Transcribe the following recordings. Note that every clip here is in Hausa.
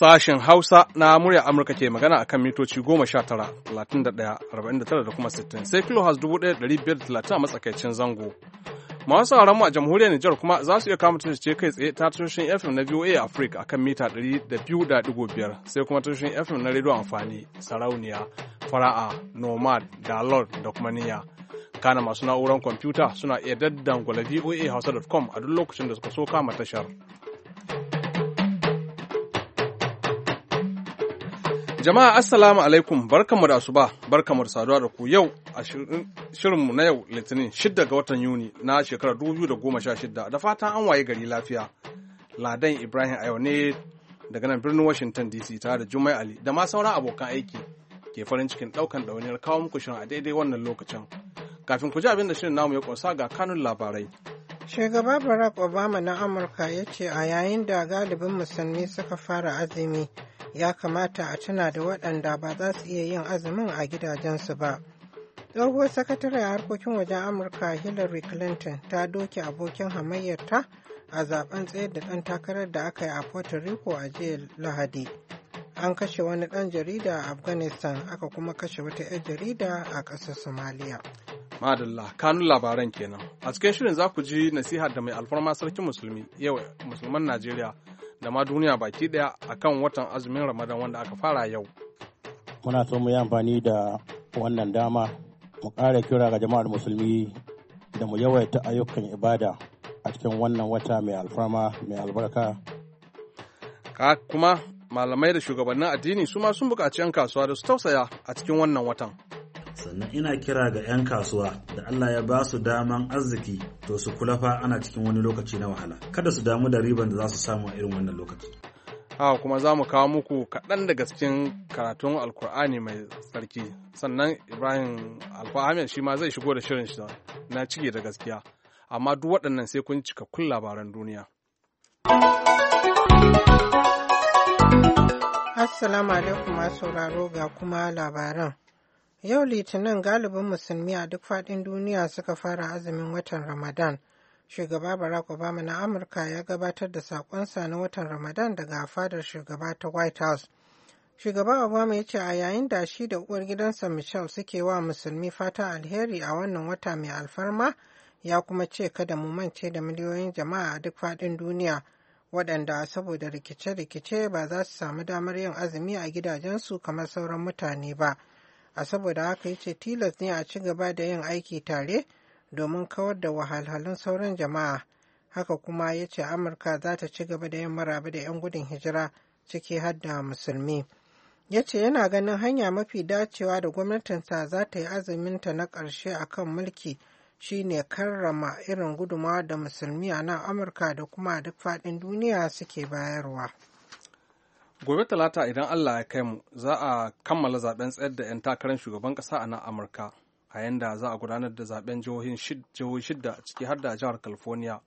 Sashen Hausa na murya Amurka ke magana a kan mitoci 19,31,49 da kuma 60 sai kilo kilohaz 1,530 a matsakaicin zango. Masu sauran mu a jamhuriyar Nijar kuma za su iya kama ce kai tsaye ta tashoshin FM na VOA Africa a kan mita 200.5 sai kuma tashoshin FM na rediyo amfani sarauniya, fara'a, nomad, dalot da kuma niyya. Kana masu na'urar kwamfuta suna iya daddangula voa hausa.com a duk lokacin da suka so kama tashar. Jama'a Assalamu alaikum barkamu da asuba barkamu da saduwa da ku yau a shirinmu na yau Litinin 6 ga watan Yuni na shekarar 2016 da fatan an waye gari lafiya. Ladan Ibrahim a yau ne daga nan birnin Washington DC tare da Jummai Ali da ma sauran abokan aiki ke farin cikin daukan ɗauniyar kawo muku shirin a daidai wannan lokacin. Kafin ku ji abin da shirin namu ya ƙunsa ga kanun labarai. Shugaba Barack Obama na Amurka ya ce a yayin da galibin musulmi suka fara azumi ya kamata a tuna da waɗanda ba za su iya yin azumin a gidajensu ba. Tsohuwar sakatare harkokin wajen Amurka Hillary Clinton ta doke abokin hamayyarta a zaben tsayar da ɗan takarar da aka yi a Puerto Rico a jiya Lahadi. An kashe wani ɗan jarida a Afghanistan aka kuma kashe wata 'yar jarida a ƙasar Somalia. Madalla, kanun labaran kenan. A cikin shirin za ku ji nasiha da mai alfarma sarkin musulmi yau musulman Najeriya da ma duniya baki daya kan watan azumin Ramadan wanda aka fara yau. Muna so mu yi amfani da wannan dama mu ƙara kira ga jama'ar musulmi da mu yawaita ayyukan ibada a cikin wannan wata mai alfarma mai albarka. Ka kuma malamai da shugabannin addini su ma sun buƙaci 'yan kasuwa da su tausaya a cikin wannan watan. sannan ina kira ga 'yan kasuwa da Allah ya ba su daman arziki to su kula fa ana cikin wani lokaci na wahala kada su damu da riban da za su samu a irin wannan lokaci A'a kuma za mu kawo muku kaɗan daga cikin karatun alkur'ani mai tsarki sannan ibrahim alfahamiyar shi ma zai shigo da shirin shi na cike da gaskiya amma duk waɗannan sai kun cika kun labaran duniya assalamu alaikum sauraro ga kuma labaran Yau Litinin galibin musulmi a duk faɗin duniya suka fara azumin watan Ramadan. Shugaba Barack Obama na Amurka ya gabatar da saƙonsa na watan Ramadan daga fadar shugaba ta White House. Shugaba Obama ya ce a yayin da shi da uwar gidansa Michelle suke wa musulmi fata alheri a wannan wata mai alfarma ya kuma ce kada mu mance da miliyoyin jama'a a duk faɗin duniya waɗanda saboda rikice-rikice ba za su samu damar yin azumi a gidajensu kamar sauran mutane ba. a saboda haka ya ce tilas ne a ci gaba da yin aiki tare domin kawar da wahalhalun sauran jama'a haka kuma ya ce amurka za ta ci gaba da yin maraba da 'yan gudun hijira ciki har da musulmi ya ce yana ganin hanya mafi dacewa da gwamnatinsa za ta yi azuminta na ƙarshe a kan mulki shine karrama irin gudumawa da musulmi a nan amurka da kuma duk faɗin duniya suke bayarwa. gobe talata idan allah ya kai mu za a kammala zaben tsayar da 'yan takarar shugaban kasa a nan amurka a yanda za a gudanar da zaben jihohin shidda ciki har da jihar california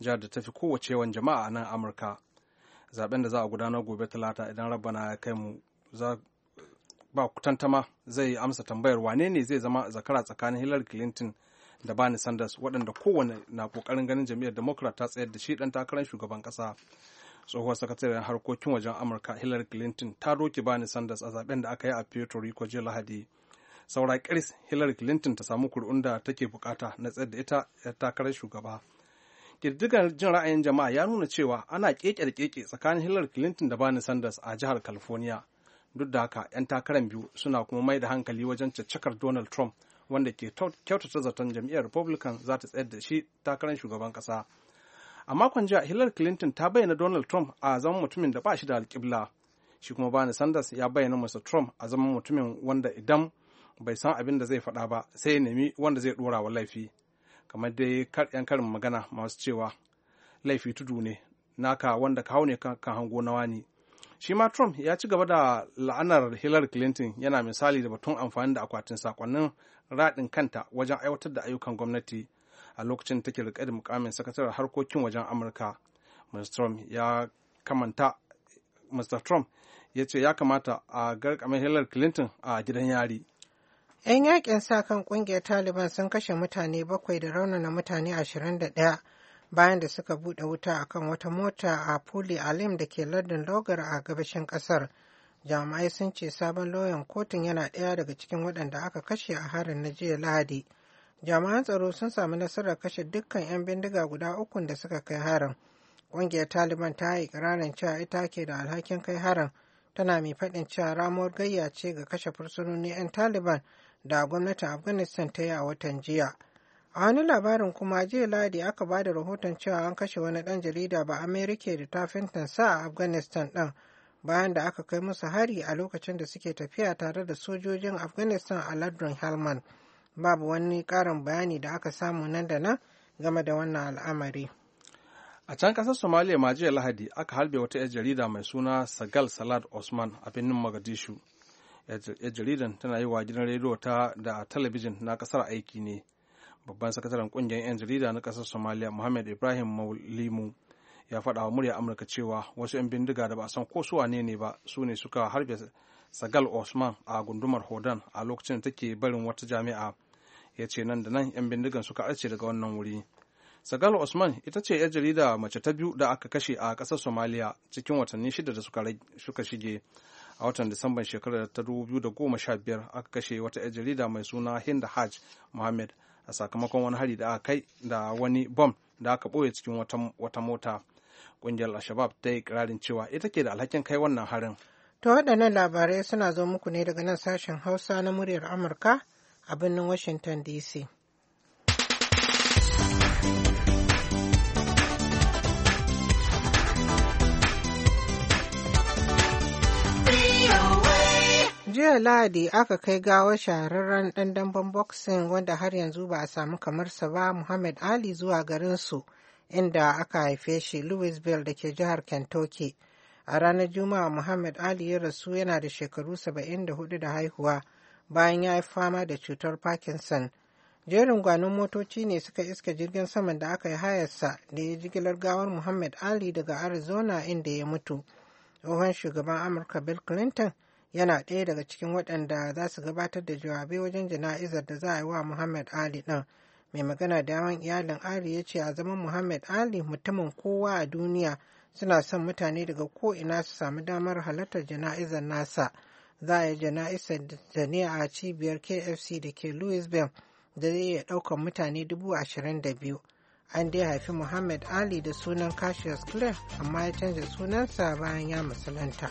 jihar da ta fi kowace yawan jama'a a nan amurka zaben da za a gudanar gobe talata idan rabana ya kai mu za ba tantama zai amsa tambayar wane ne zai zama zakara tsakanin hillary clinton da Bernie Sanders waɗanda kowane na kokarin ganin jam'iyyar Democrat ta tsayar da shi ɗan takarar shugaban ƙasa tsohuwar sakataren harkokin wajen amurka hillary clinton ta roki bani sanders a zaben da aka yi a puerto rico jiya lahadi saura kiris hillary clinton ta samu kuri'un da take bukata na tsayar da ita takarar shugaba ƙididdigar jin ra'ayin jama'a ya nuna cewa ana keke da keke tsakanin hillary clinton da bani sanders a jihar california duk da haka 'yan takarar biyu suna kuma mai da hankali wajen caccakar donald trump wanda ke kyautata zaton jam'iyyar republican za ta tsayar da shi takarar shugaban kasa a makon jiya hillary clinton ta bayyana donald trump a zaman mutumin da ba shi da alƙibla shi kuma bani sanders ya bayyana mr trump a zaman mutumin wanda idan bai san abin da zai faɗa ba sai ya nemi wanda zai ɗora wa laifi kamar dai yan karin magana masu cewa laifi tudu ne naka wanda ka hau ne kan hango na wani shi ma trump ya ci gaba da la'anar hillary clinton yana misali da batun amfani da akwatin sakonnin raɗin kanta wajen aiwatar da ayyukan gwamnati a lokacin take rike da mukamin sakataren harkokin wajen amurka mr trump ya ce ya kamata a garkamin hillary clinton a gidan yari 'yan yakin sa kan kungiyar taliban sun kashe mutane bakwai da raunana mutane 21 bayan da suka bude wuta akan wata mota a puli alim da ke lardin logar a gabashin kasar jami'ai sun ce sabon lauyan kotun yana daya daga cikin waɗanda aka kashe a harin na jiya lahadi jami'an tsaro sun sami nasarar kashe dukkan 'yan bindiga guda ukun da suka kai harin ƙungiyar taliban ta yi ƙirarin cewa ita ke da alhakin kai harin tana mai faɗin cewa ramuwar gayya ce ga kashe fursunoni 'yan taliban da gwamnatin afghanistan ta yi a watan jiya a wani labarin kuma jiya ladi aka ba da rahoton cewa an kashe wani ɗan jarida ba amerika da ta sa a afghanistan ɗin bayan da aka kai musu hari a lokacin da suke tafiya tare da sojojin afghanistan a ladron helmand babu wani karin bayani da aka samu nan da nan game da wannan al'amari. A can kasar somaliya ma jiya Lahadi aka halbe wata 'yar jarida mai suna Sagal Salad Osman a birnin Mogadishu. 'Yar jaridan tana yi wa gidan rediyo ta da talabijin na kasar aiki ne. Babban sakataren kungiyar 'yan jarida na kasar somaliya Muhammad Ibrahim Maulimu ya faɗa wa murya Amurka cewa wasu 'yan bindiga da ba san ko su wane ne ba su ne suka harbe Sagal Osman a gundumar Hodan a lokacin da take barin wata jami'a. ya ce nan da nan 'yan bindigan suka arce daga wannan wuri sagal osman ita ce 'yar jarida mace ta biyu da aka kashe a ƙasar somaliya cikin watanni shida da suka shige a watan disamban shekarar ta sha biyar aka kashe wata 'yar jarida mai suna hinda hajj muhammad a sakamakon wani hari da aka kai da wani bom da aka ɓoye cikin wata mota ƙungiyar al-shabab ta yi ƙirarin cewa ita ke da alhakin kai wannan harin to waɗannan labarai suna zo muku ne daga nan sashen hausa na muryar amurka a birnin Washington DC. jiya lahadi aka kai gawa shahararren ɗan damben boxing wanda har yanzu ba a samu kamarsa ba muhammad ali zuwa garinsu inda aka haife shi louisville da ke jihar kentucky a ranar juma'a muhammad ali ya rasu yana da shekaru 74 da haihuwa bayan ya yi fama da cutar Parkinson. Jerin gwanon motoci ne suka iska jirgin saman da aka yi hayarsa da ya jigilar gawar Muhammad Ali daga Arizona inda ya mutu. Tsohon shugaban Amurka Bill Clinton yana ɗaya daga cikin waɗanda za su gabatar da jawabai wajen jana'izar da za a yi wa Muhammad Ali ɗin. Mai magana da yawan iyalin Ali ya ce a zaman Muhammad Ali mutumin kowa a duniya suna son mutane daga ko ina su samu damar halartar jana'izar nasa. za a yi jana'isar da ne a cibiyar kfc da ke louisville da zai iya ɗaukar mutane dubu ashirin da biyu an dai haifi muhammad ali da sunan cassius clare amma ya canza sunansa bayan ya musulunta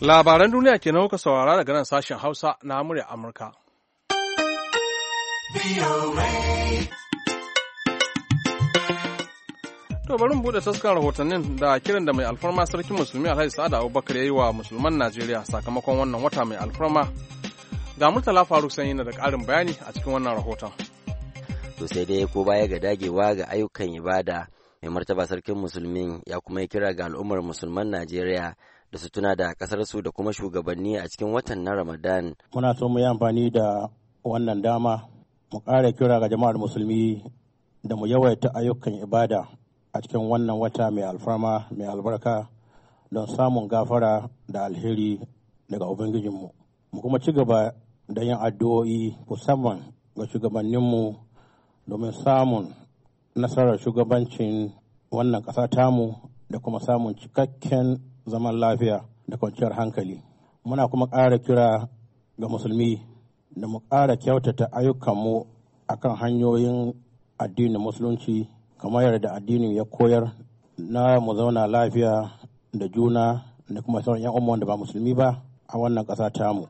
labaran duniya ke nauka saurara daga nan sashen hausa na murya amurka To bari mu bude taskar rahotannin da kiran da mai alfarma sarkin musulmi Alhaji Sa'ad Abubakar yayi wa musulman Najeriya sakamakon wannan wata mai alfarma. Ga Murtala Faruk sanyi da ƙarin bayani a cikin wannan rahoton. To sai dai ko baya ga dagewa ga ayyukan ibada mai martaba sarkin musulmin ya kuma yi kira ga al'ummar musulman Najeriya da su tuna da ƙasarsu da kuma shugabanni a cikin watan na Ramadan. Muna so mu yi amfani da wannan dama mu ƙara kira ga jama'ar musulmi da mu yawaita ayyukan ibada a cikin wannan wata mai alfarma mai albarka don samun gafara da alheri daga ubangijinmu mu kuma ci gaba da yin addu'o'i musamman ga shugabanninmu domin samun nasarar shugabancin wannan ƙasa tamu da kuma samun cikakken zaman lafiya da kwanciyar hankali muna kuma ƙara kira ga musulmi da mu ƙara kyautata ayyukanmu akan hanyoyin addinin musulunci kamar yadda addini ya koyar na mu zauna lafiya da juna da kuma sauran yan umma da ba musulmi ba a wannan ƙasa tamu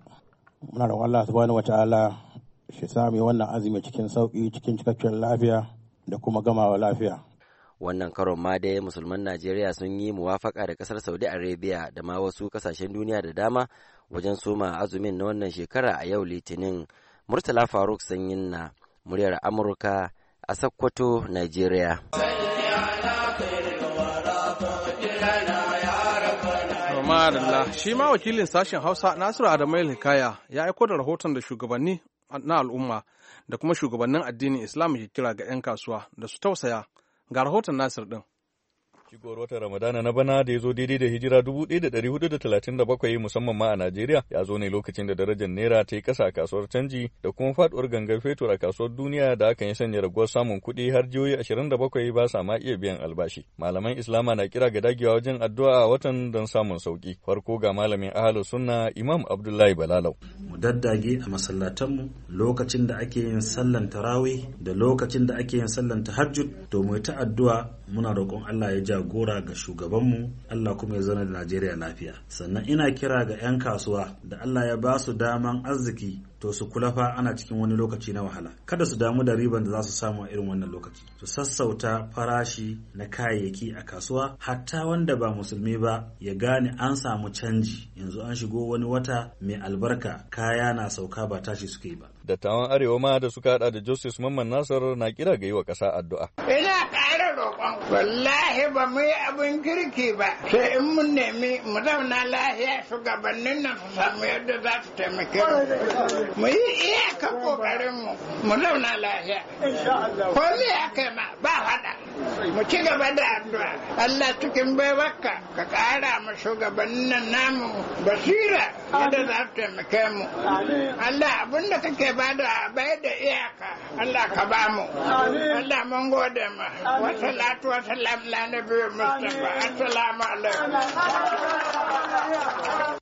muna da Allah subhanahu wataala shi sami wannan azumi cikin sauƙi cikin cikakken lafiya da kuma gamawa lafiya wannan karon ma dai musulman najeriya sun yi muwafaka da kasar saudi arabia da ma wasu kasashen duniya da dama wajen soma azumin na wannan shekara a yau litinin murtala faruk sanyin na muryar amurka a Sokoto, Najeriya. Madalla shi ma wakilin sashen Hausa Nasiru Adamu Hikaya ya aiko da rahoton da shugabanni na al'umma da kuma shugabannin addinin Islam ke kira ga 'yan kasuwa da su tausaya ga rahoton Nasiru ɗin. Shigowar wata Ramadana na bana da ya zo daidai da hijira 1437 musamman ma a Najeriya ya zo ne lokacin da darajar Naira ta yi ƙasa a kasuwar canji da kuma faɗuwar gangar fetur a kasuwar duniya da hakan ya sanya raguwar samun kuɗi har jihohi 27 ba sa ma iya biyan albashi. Malaman Islama na kira ga dagewa wajen addu'a a watan don samun sauki. Farko ga malamin ahalin Sunna Imam Abdullahi Balalau. Mu daddage a mu lokacin da ake yin sallan tarawih da lokacin da ake yin sallan tahajjud to mu ta addu'a muna roƙon Allah ya ja jagora ga shugabanmu Allah kuma ya zana da Najeriya lafiya sannan ina kira ga 'yan kasuwa da Allah ya ba su daman arziki to su kula fa ana cikin wani lokaci na wahala kada su damu da riban da za su samu a irin wannan lokaci su sassauta farashi na kayayyaki a kasuwa hatta wanda ba musulmi ba ya gane an samu canji yanzu an shigo wani wata mai albarka kaya na sauka ba tashi suke ba dattawan arewa ma da suka hada da Joseph, mamman nasar na kira ga yi wa ƙasa addu'a ina roƙon wallahi ba mu yi abin kirki ba sai in mun nemi mu zauna lahiya shugabannin nan su samu yadda za su taimake mu mu yi iyaka kokarin mu mu zauna lahiya ko ya aka ma ba hada mu ci gaba da addu'a Allah cikin baiwarka ka ƙara ma shugabannin nan namu basira yadda za su taimake mu Allah abin da kake bada bai da iyaka Allah ka ba mu Allah mun gode ma wasal salatu wa salam ala nabi Mustafa. Assalamu alaikum.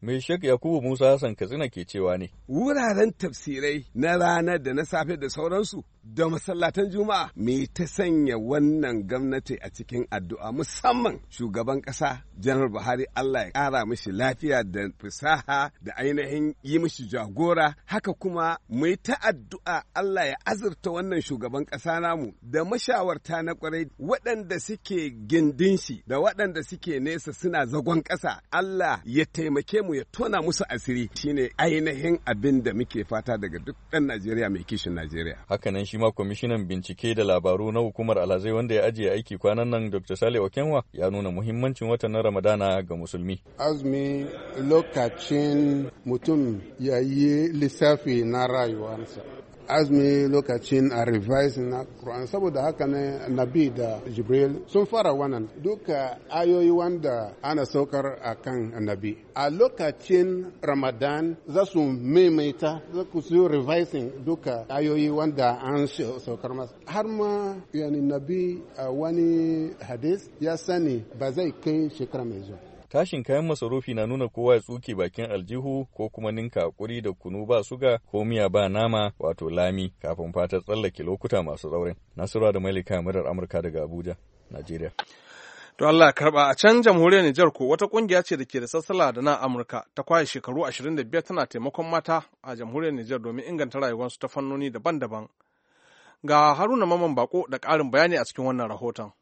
Mai Sheikh Yakubu Musa Hassan Katsina ke cewa ne. Wuraren tafsirai na rana da na safe da sauransu da masallatan juma'a me ta sanya wannan gwamnati a cikin addu'a musamman shugaban ƙasa janar buhari allah ya ƙara mishi lafiya da fasaha da ainihin yi mishi jagora haka kuma mai ta addu'a allah ya azurta wannan shugaban ƙasa namu da mashawarta na kwarai waɗanda suke gindin shi da waɗanda suke nesa suna zagon ƙasa allah ya taimake mu mu ya tona musu asiri shine ainihin abin da muke fata daga duk ɗan Najeriya mai kishin Najeriya. Hakanan shi ma kwamishinan bincike da labaru na hukumar alhazai wanda ya ajiye aiki kwanan nan Dr. Sale Okenwa ya nuna muhimmancin watan na Ramadana ga musulmi. Azumi lokacin mutum ya yi lissafi na rayuwarsa. azumi lokacin a revise na Quran saboda haka ne Nabi da Jibril sun fara wannan duka ayoyi wanda ana saukar a kan Nabi. A lokacin Ramadan za su maimaita za ku su revising duka ayoyi wanda an saukar masa. Har ma yani Nabi a wani hadis ya sani ba zai kai shekara mai zuwa. tashin kayan masarufi na nuna kowa ya tsuke bakin aljihu ko kuma ninka hakuri da kunu ba suga ko miya ba nama wato lami kafin fatar tsallake lokuta masu tsaurin nasura da mailika murar amurka daga abuja najeriya To Allah karba a can jamhuriyar Nijar ko wata kungiya ce da ke da sassala da nan Amurka ta kwaye shekaru 25 tana taimakon mata a jamhuriyar Nijar domin inganta rayuwarsu ta fannoni daban-daban. Ga Haruna Maman Bako da ƙarin bayani a cikin wannan rahoton.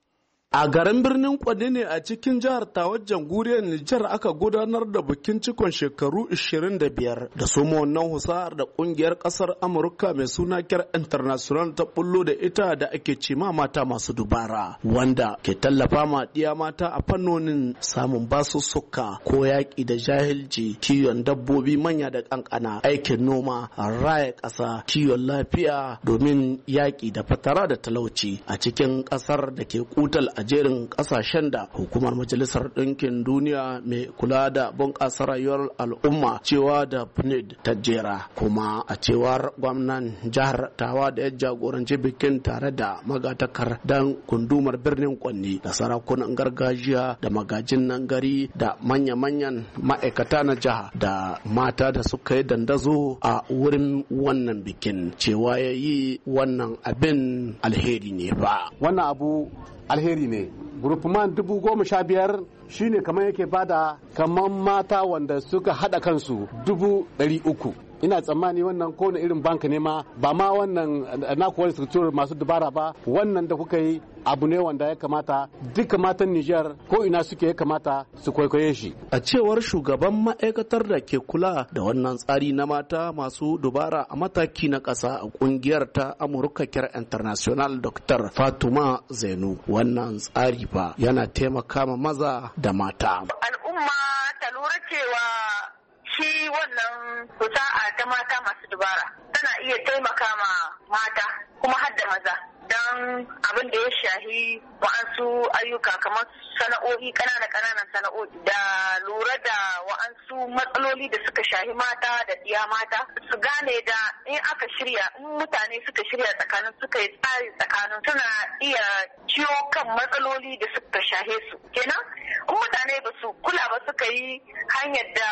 A garin birnin Kwadi ne a cikin jihar Tawar Janguriyar Nijar aka gudanar da bikin cikon shekaru 25 da suma wannan husar da kungiyar kasar Amurka mai suna kyar International ta bullo da ita da ake ce ma mata masu dubara wanda ke tallafa ma diya mata a fannonin samun basussuka ko yaƙi da jahilci, kiwon dabbobi manya da kankana, aikin noma, raya ƙasa, kiwon lafiya domin yaƙi da fatara da talauci a cikin ƙasar da ke kutal a jerin kasashen da hukumar majalisar ɗinkin duniya mai kula da bunƙasa rayuwar al'umma cewa da pnid ta jera kuma a cewar gwamnan jihar tawa da ya jagoranci bikin tare da magatakar dan gundumar birnin kwanni da sarakunan gargajiya da magajin nan gari da manya-manyan ma'aikata na jiha da mata da suka yi dandazo a wurin wannan bikin cewa ya yi wannan abin alheri ne ba wannan abu alheri ne groupement dubu goma sha biyar shine kamar yake bada kamar mata wanda suka hada kansu dubu dari uku ina tsammani wannan kowane irin banka ne ma ba ma wannan nakuwar structure masu dubara ba wannan da kuka yi abu ne wanda ya kamata duka matan Nijar ko ina suke ya kamata su kwaikwaye shi. A cewar shugaban ma'aikatar da ke kula da wannan tsari na mata masu dubara a mataki na kasa a ƙungiyar ta Amurka International Dr. Fatima Zainu wannan tsari ba yana taimaka ma maza da mata. Al'umma ta lura cewa shi wannan fusa'a ta mata masu dubara tana iya taimaka ma mata kuma hadda maza don abin da ya shahi wa'ansu ayyuka kamar sana'o'i kanana kananan sana'o'i da lura da wa'ansu matsaloli da suka shahi mata da ɗiya mata su gane in aka shirya in mutane suka shirya tsakanin suka yi tsari tsakanin suna iya ciwo kan matsaloli da suka shahe su kenan in mutane ba su kula ba suka yi hanyar da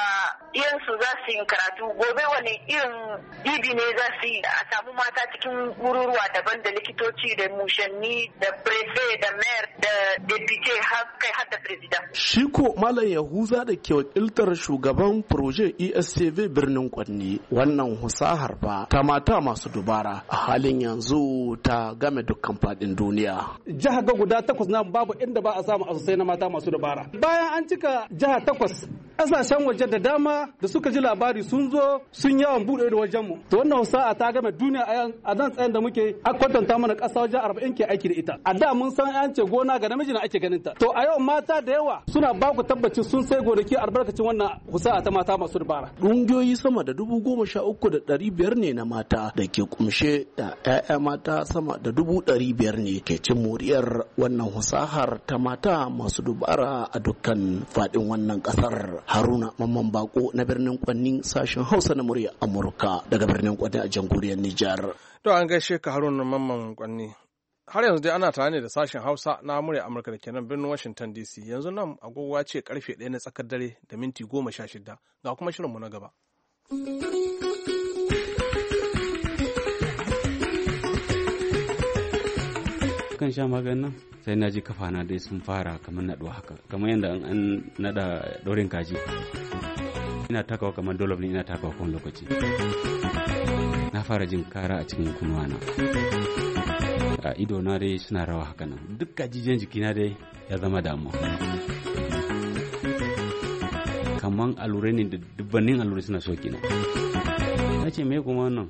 yansu za su yi karatu gobe wani irin bibi ne za su yi a samu mata cikin gururuwa daban da likitoci da mushanni da prefe da mayar da depute har kai har da president. shi ko malam yahuza da ke wakiltar shugaban proje escv birnin kwanne wannan husahar ba ta mata masu dubara a halin yanzu ta game dukkan fadin duniya. Jiha ga guda takwas na babu inda ba a samu asusai na mata masu dubara. Bayan an cika jiha takwas ƙasashen waje da dama da suka ji labari sun zo sun yawon buɗe da wajenmu. To wannan sa'a ta game duniya a nan tsayin da muke a kwatanta mana ƙasa wajen arba'in ke aiki da ita. A da mun san an ce gona ga namiji na ake ganin ta. To a yau mata da yawa suna ba ku tabbacin sun sai gonaki albarkacin wannan husa'a ta mata masu dubara. Ƙungiyoyi sama da dubu goma sha uku da ɗari biyar ne na mata da ke kumshe da 'ya'ya mata sama da dubu ɗari biyar ne ke cin muriyar wannan husahar ta mata masu dubara a dukkan faɗin wannan ƙasar haruna mamman bako na birnin kwanni sashen hausa na murya amurka daga birnin kwanni a jamhuriyar nijar to an gaishe ka haruna mamman kwanni har yanzu dai ana tare ne da sashen hausa na murya amurka da kenan birnin washington dc yanzu nan agogowa ce karfe ɗaya na tsakar dare da minti goma sha shida ga kuma shirin mu na gaba. kan sha maganin nan sai na ji kafana dai sun fara kamar naɗuwa haka kamar yadda an naɗa ɗorin kaji ina takawa kamar dolof ne ina takawa kowane lokaci na fara jin kara a cikin kunuwana a ido na dai suna rawa haka nan duk kajijen na dai ya zama damuwa kamar alure ne da dubbanin alure suna soki na ce me kuma wannan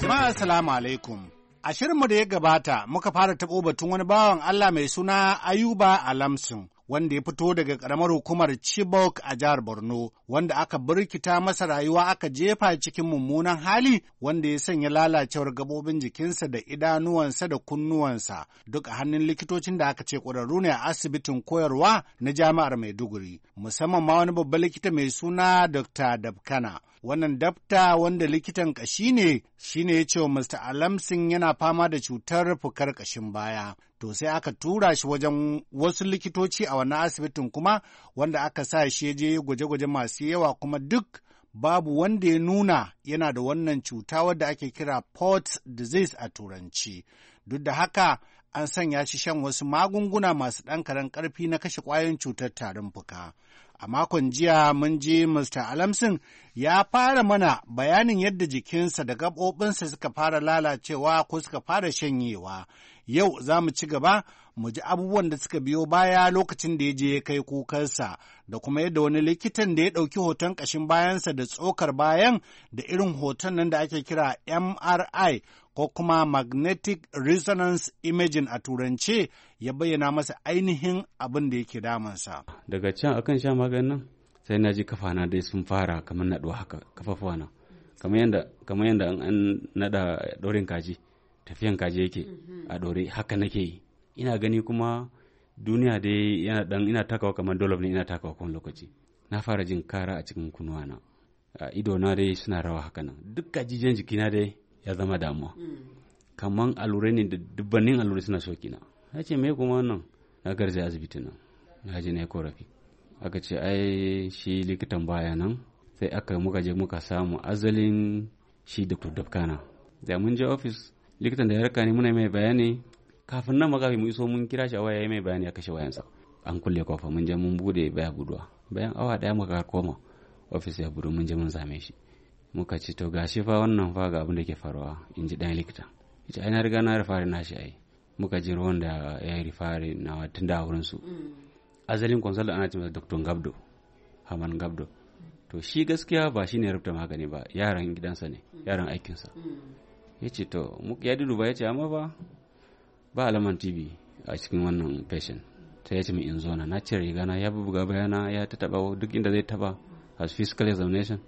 jama'a assalamu alaikum A shirinmu da ya gabata muka fara taɓo batun wani bawan Allah mai suna Ayuba Alamsin. wanda ya fito daga ƙaramar hukumar Chibok a jihar Borno, wanda aka birkita masa rayuwa aka jefa cikin mummunan hali wanda ya sanya lalacewar gabobin jikinsa da idanuwansa da kunnuwansa duk a hannun likitocin da aka ce ƙwararru ne a asibitin koyarwa na jami'ar Maiduguri, musamman ma wani babban likita mai suna Dr. Dabkana. Wannan dafta wanda likitan ƙashi ne shine ya ce wa Mr. Alamsin yana fama da cutar fukar ƙashin baya. To sai aka tura shi wajen wasu likitoci a wannan asibitin kuma wanda aka sa shi je gwaje-gwaje masu yawa kuma duk babu wanda ya nuna yana da wannan cuta wadda ake kira Port disease a turanci. Duk da haka an sanya shi shan wasu magunguna masu ɗan karen ƙarfi na kashe ƙwayoyin cutar tarin fuka. A makon jiya mun ji Mr. Alamsin ya fara mana bayanin yadda jikinsa da gaɓoɓinsa suka fara lalacewa ko suka fara shanyewa. Yau za mu ci gaba mu ji abubuwan da suka biyo baya lokacin da ya je ya kai kukansa da kuma yadda wani likitan da ya ɗauki hoton ƙashin bayansa da tsokar bayan da irin hoton nan da ake kira MRI ko kuma magnetic resonance imaging a turance ya bayyana masa ainihin abin da yake damansa. Daga can akan sha maganin sai na ji kafana dai sun fara kamar naɗuwa haka kafafuwana kamar yadda kamar yadda an naɗa ɗorin kaji tafiyan kaji yake a ɗore haka nake yi ina gani kuma duniya dai yana dan ina takawa kamar dolof ne ina takawa kuma lokaci na fara jin kara a cikin kunuwana ido na dai suna rawa haka nan duk gajijen jikina dai ya zama damuwa hmm. kaman allurai ne da dubbanin allurai suna soki na ya ce me kuma wannan na garzaya asibiti nan na je na korafi aka ce ai shi likitan baya nan sai aka muka je muka samu azalin shi dr dabkana da mun je ofis likitan da ya raka ne muna mai bayani kafin nan makafi mu iso mun kira shi a waya mai bayani ya kashe wayansa an kulle kofa mun je mun bude baya buduwa bayan awa daya muka koma ofis ya budu mun je mun same shi muka ce to gashi fa wannan fa ga abin da ke faruwa in ji dan likita ita ai na riga na rifari na shi ai muka ji ruwan da ya yi rifari na watan da wurin su mm. azalin consultant ana cewa dr gabdo haman gabdo to shi gaskiya ba shi ne rubuta magani ba yaran gidansa ne mm. yaran aikinsa mm. ya ce to ya ba ya ce amma ba ba alaman tv a cikin wannan patient ta ya ce min in zo na na cire rigana ya bubuga bayana ya ta taba duk inda zai taba as physical examination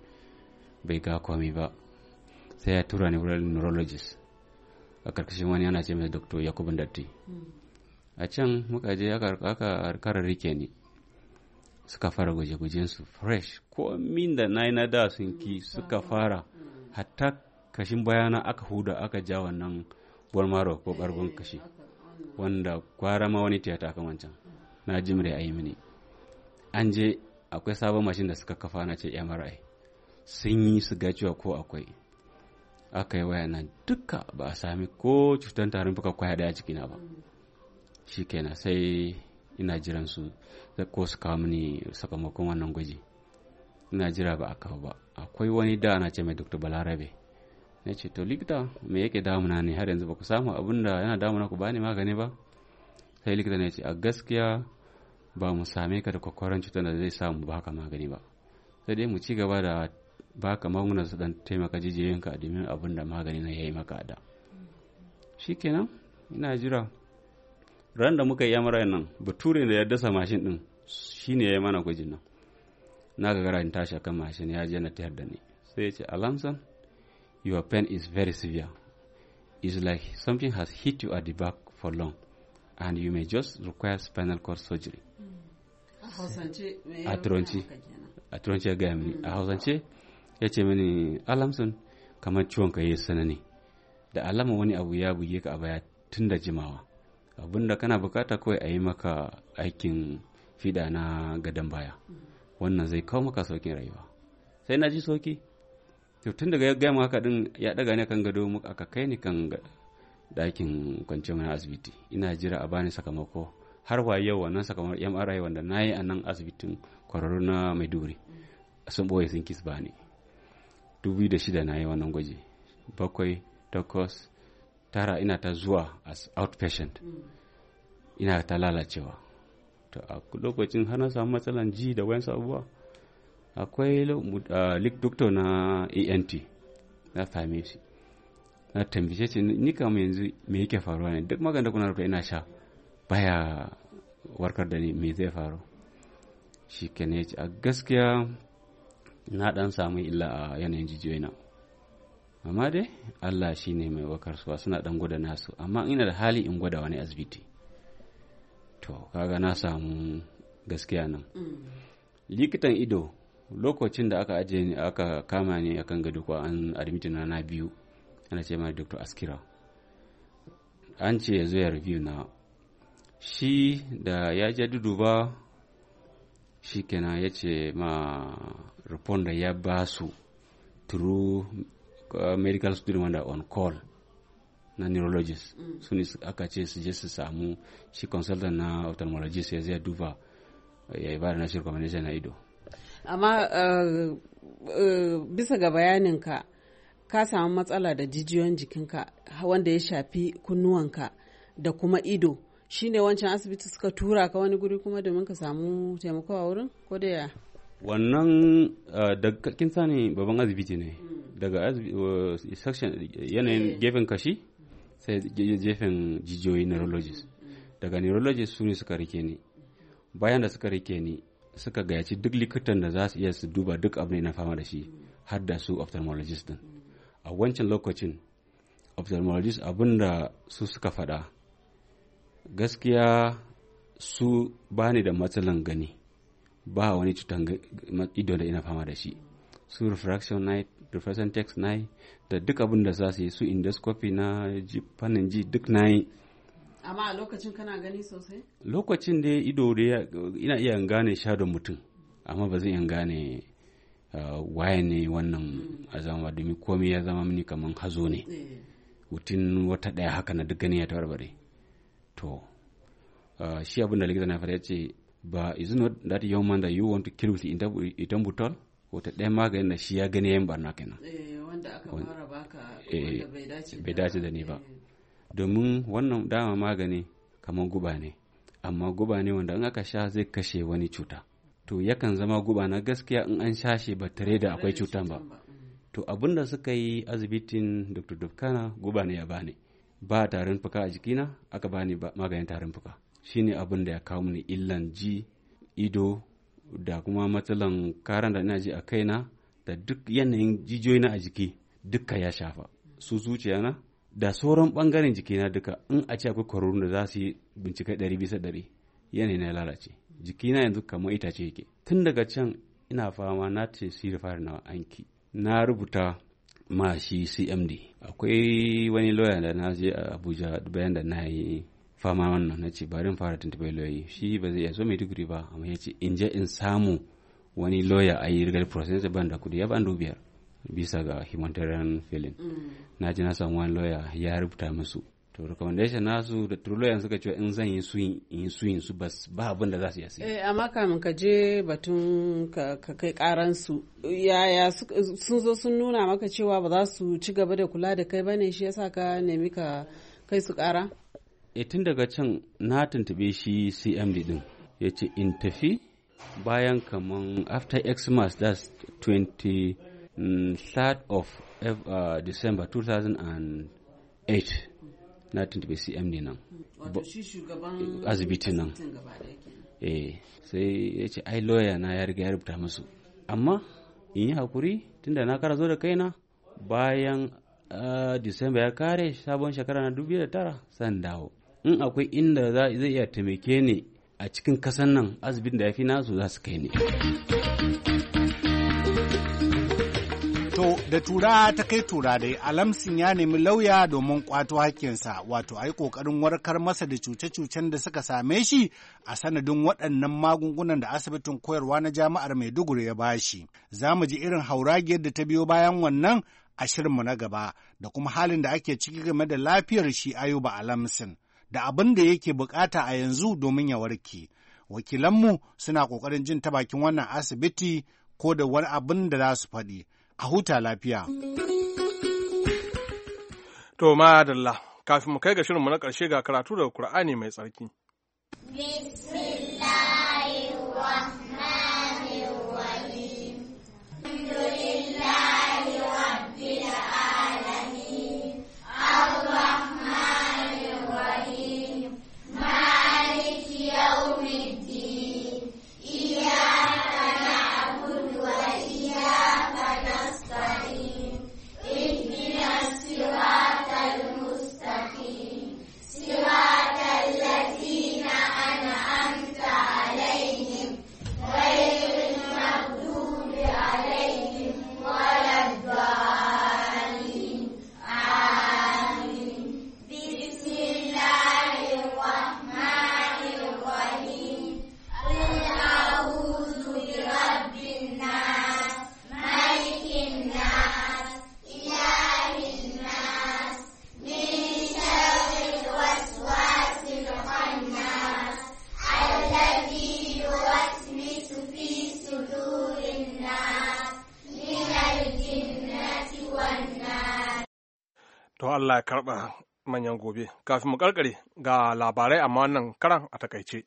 bai ga komai ba sai ya tura ni wurin neurologist a karkashin wani ana ce mai dr yakubu datti a can muka je aka kara rike ni suka fara guje-gujen su fresh komin da na yi na da sun ki suka fara hatta kashin bayana aka huda aka ja wannan bolmaro ko barbun kashi wanda gwara ma wani tiyata aka wancan na jimre a yi mini an je akwai sabon mashin da suka kafa na ce mri sun yi su ga cewa ko akwai aka yi waya nan duka ba a sami ko cutar tarin fuka kwaya daya na ba shi kenan sai ina jiran su ko su kawo mini sakamakon wannan gwaji ina jira ba a kawo ba akwai wani da ana ce mai dr balarabe na ce to likita me yake damuna ne har yanzu ba ku samu abin da yana damuna ku bani magani ba sai likita ne ce a gaskiya ba mu same ka da kwakwaran cutar da zai samu ba haka magani ba sai dai mu ci gaba da ka magunan su dan taimaka jijiyoyinka domin abin da maganin ya yi maka da shikenan ina jira ran da muka yi yamara nan bature da ya dasa mashin din shine ya yi mana gwajin nan na ga gara in tashi kan mashin ya je na tayar da ni sai ya ce alamsan your pain is very severe is like something has hit you at the back for long and you may just require spinal cord surgery a turanci a turanci ya gaya a hausance ya ce mini alamsun kamar ciwon ka yi sanani da alama wani abu ya buge ka a baya tun da jimawa abin da kana bukata kawai a yi maka aikin fida na gadon baya wannan zai kawo maka saukin rayuwa sai na ji sauki to tun daga gaya haka din ya daga ne kan gado muka aka kai ni kan dakin kwanciyar mana asibiti ina jira a bani sakamako har wa yau wannan sakamakon mri wanda na yi a nan asibitin kwararru na maiduguri sun boye sun kis bani 2006 na yi wannan gwaji bakwai takwas tara ina ta zuwa as outpatient mm. ina ta lalacewa to a lokacin har na samu matsalan ji da wayan abubuwa akwai lik doctor na ant na same na tambice ce ni kama yanzu me yake faruwa ne duk magan da kuna rufe ina sha baya warkar da ni me zai faru shi kenan a gaskiya na dan samu illa a yanayin jijiyoyina amma dai Allah shi ne mai suwa suna dan gwada nasu amma ina da hali in gwada wani asibiti to kaga na samu gaskiya nan mm. likitan ido lokacin da aka aje ni aka kama ni akan gado ko an admitin na biyu ana ce mai dr askira an ce ya zo ya review na shi da ya je duduba shi kenan ya ce ma report da ya ba su through uh, medical student wanda on call na neurologist mm. sun aka ce su je su samu shi consultant na ophthalmologist ya zai duba ya ba da nashi recommendation na ido amma uh, uh, bisa ga bayaninka ka samu matsala da jijiyoyin jikinka wanda ya shafi kunnuwanka da kuma ido Shi ne wancan asibiti suka tura ka wani guri kuma domin ka samu taimako a wurin ko da ya wannan ah, daga kin sani babban asibiti ne daga uh, yanayin eh. gefen kashi sai gefen jijiyoyi neurologist daga neurologist su ne suka rike ni bayan da suka rike ni suka gayaci duk likitan da za su iya su duba duk abin na fama da shi har da su ophthalmologist din a wancan lokacin ophthalmologist abin da su suka faɗa gaskiya su ba ni da matsalan gani ba wani cutan ido da ina fama da shi su refraction night refraction text night da duk abin da za su yi su endoscopy na fannin ji duk na yi amma a lokacin kana gani sosai lokacin da ido da ina iya gane shadon mutum amma ba zan iya gane ah, waye ne wannan a zama domin komai ya zama mini kamar hazo ne eh. mutum wata ɗaya haka na duk gani ya tabarbare to uh, shi abin da likita na faɗa ya ce ba is not that young man that you want to kill with idan butol wata ɗaya maganin da shi ya gani yayin barna kenan eh, wanda aka fara baka wanda eh, bai dace da ni ba eh. domin wannan dama magani kamar guba ne amma guba ne wanda in aka sha zai kashe wani cuta to yakan zama guba na gaskiya in an sha shi ba tare da akwai cutan ba mm. to abin da suka yi asibitin dr dukana guba ne ya bani ba tarin fuka a jikina aka ba ni maganin tarin fuka shine abin da ya kawo mini illan ji ido da kuma matsalan karan da ina ji a kaina da duk yanayin jijiyoyina a jiki duka ya shafa su zuciyana da sauran bangaren jikina duka in a ce akwai kwararrun da za su yi bincike ɗari bisa ɗari yanayin ya lalace jikina yanzu kamar itace yake tun daga can ina fama na ce sirifar na anki na rubuta ma shi cmd akwai wani lawyer da na je a abuja bayan da na yi fama wannan na ce barin fara tuntubai lawyer shi ba zai iya mai maiduguri ba amma ya ce in je in samu wani lawyer a yi rigar process ban da kudi ya ban biyar bisa ga humanitarian filin mm. na ji na samu wani lawyer ya rubuta musu to recommendation nasu da turloyan suka cewa in zan yi suyin in su ba abin da za su yi eh amma kamin ka je batun ka kai karan yaya sun zo sun nuna maka cewa ba za su ci gaba da kula da kai bane shi yasa ka nemi ka kai su kara eh tun daga can na tuntube shi CMD din yace in tafi bayan kaman after xmas that's 23rd mm, of uh, december 2008 na tuntube cm ne nan asibiti nan eh sai ya ce ai lawyer na ya riga ya rubuta musu amma in yi hakuri tunda na kara zo da kaina bayan ah, disamba ya kare sabon shekara na 2009 san dawo in akwai inda zai iya taimake ni a cikin kasan nan asibitin da ya fi nasu za su kai ne. To, da tura ta kai tura dai, Alamsin ya nemi lauya domin kwato hakkinsa, wato a yi ƙoƙarin warkar masa da cuce-cucen da suka same shi a sanadin waɗannan magungunan da asibitin koyarwa na jami'ar Maiduguri ya bashi. Za mu ji irin hauragiyar da ta biyo bayan wannan a shirinmu na gaba, da kuma halin da ake ciki game da lafiyar shi Ayuba Alamsin, da abin da yake bukata a yanzu domin ya warke. Wakilanmu suna ƙoƙarin jin ta bakin wannan asibiti ko da wani abin da za su faɗi. a huta lafiya. To dalla kafin mu kai ga shirinmu na ƙarshe ga karatu daga Kur'ani mai tsarki. Bismillahirrahmanirrahim. ya karɓa manyan gobe. Kafin mu karkare ga labarai amma wannan karan a takaice.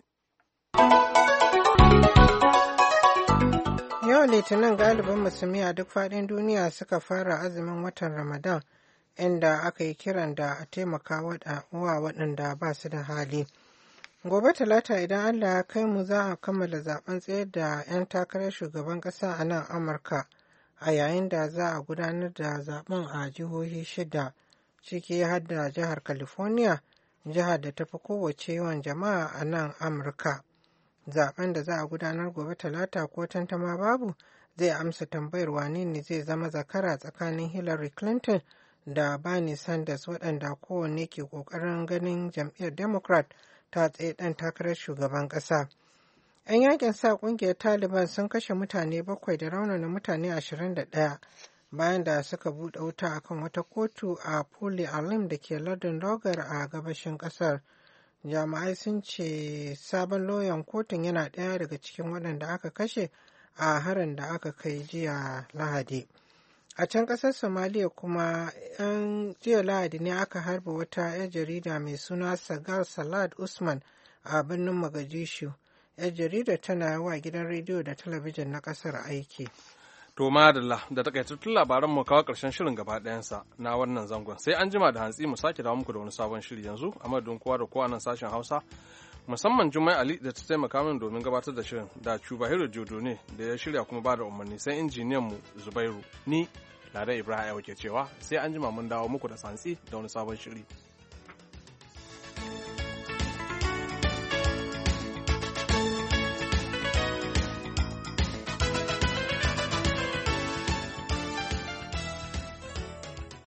Yau Litinin galibin musulmi a duk faɗin duniya suka fara azumin watan Ramadan inda aka yi kiran da a taimaka wa waɗanda ba su da hali. Gobe Talata idan Allah ya kai mu za a kammala zaben tsayar da 'yan takarar shugaban ƙasa a nan Amurka a yayin da za a gudanar da zaben a jihohi shida. ciki har da jihar california jihar da ta fi kowace yawan jama'a a nan amurka zaben da za a gudanar gobe talata ko tantama babu zai amsa tambayar wane ne zai zama zakara tsakanin hillary clinton da bernie sanders waɗanda kowane ke ƙoƙarin ganin jam'iyyar democrat ta tsaye ɗan takarar shugaban ƙasa. 'yan yakin sa ƙungiyar taliban sun kashe mutane bakwai da raunana mutane 21 bayan da suka buɗe wuta akan wata kotu a poli alim da ke lardin dogar a gabashin ƙasar jama'ai sun ce sabon lauyan kotun yana ɗaya daga cikin waɗanda aka kashe a harin da aka kai jiya lahadi a can ƙasar somaliya kuma 'yan jiya lahadi ne aka harba wata 'yan jarida mai suna sagar salad usman a birnin magadishu 'yan jarida tana wa gidan rediyo da talabijin na ƙasar aiki. To madalla da takaitattun labaran mu kawo karshen shirin gaba ɗayansa na wannan zangon sai an jima da hantsi mu sake dawo muku da wani sabon shiri yanzu a madadin kowa da kowa nan sashen Hausa musamman Jummai Ali da ta taimaka min domin gabatar da shirin da Chubahiro Jodo ne da ya shirya kuma ba da umarni sai injiniyan mu Zubairu ni Lada Ibrahim ke cewa sai an jima mun dawo muku da santsi da wani sabon shiri.